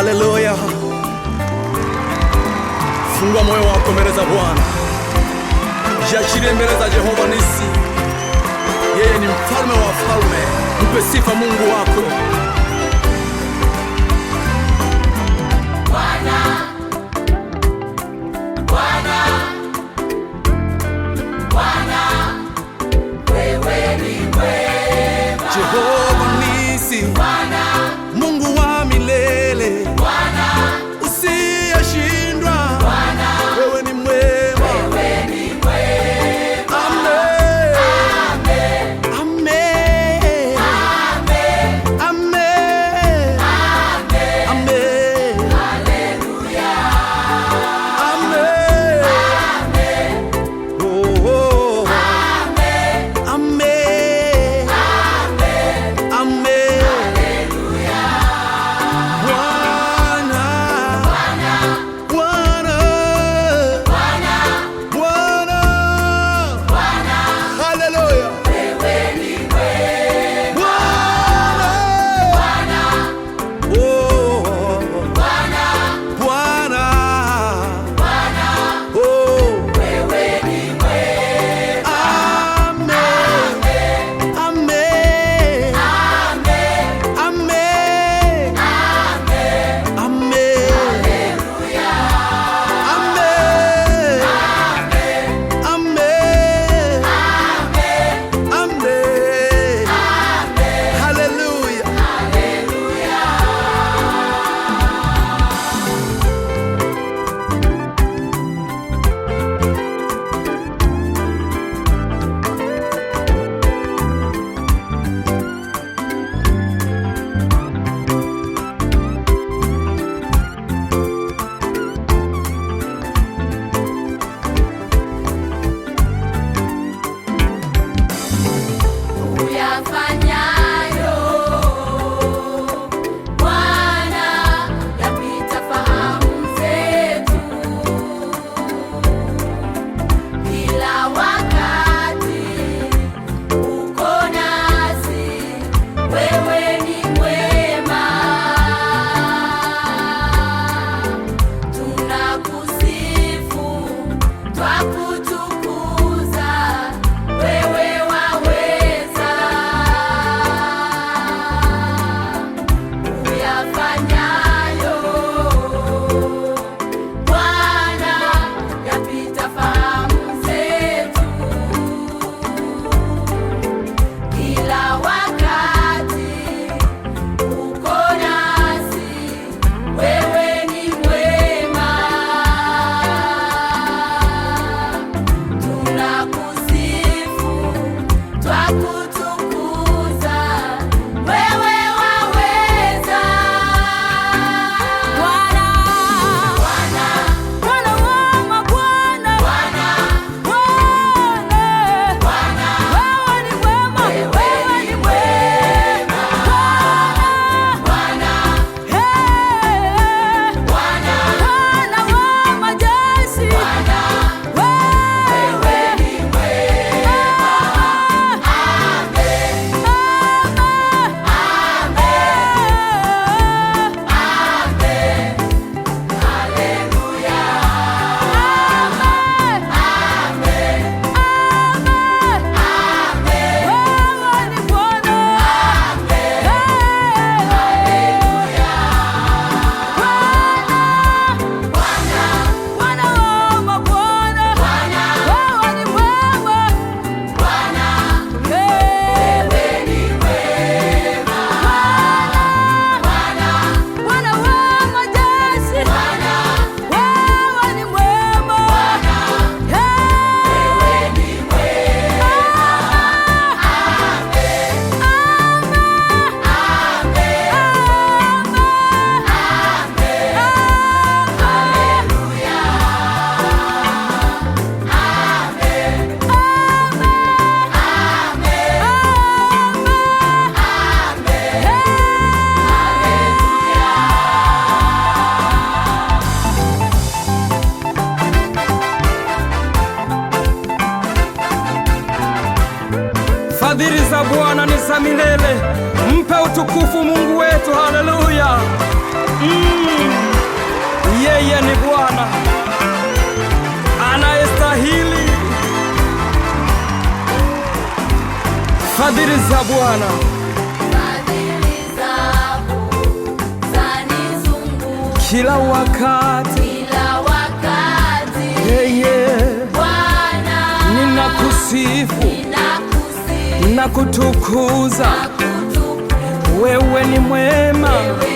Haleluya! Fungua moyo wako mbele za Bwana, jiachirie mbele za Jehova Nisi. Yeye ni mfalme wa falme mpe sifa Mungu wako Bwana, Bwana. za milele. Mpe utukufu Mungu wetu, haleluya! Mm, yeye ni Bwana anayestahili fadhili za Bwana. Kila wakati Nakutukuza, wewe ni mwema.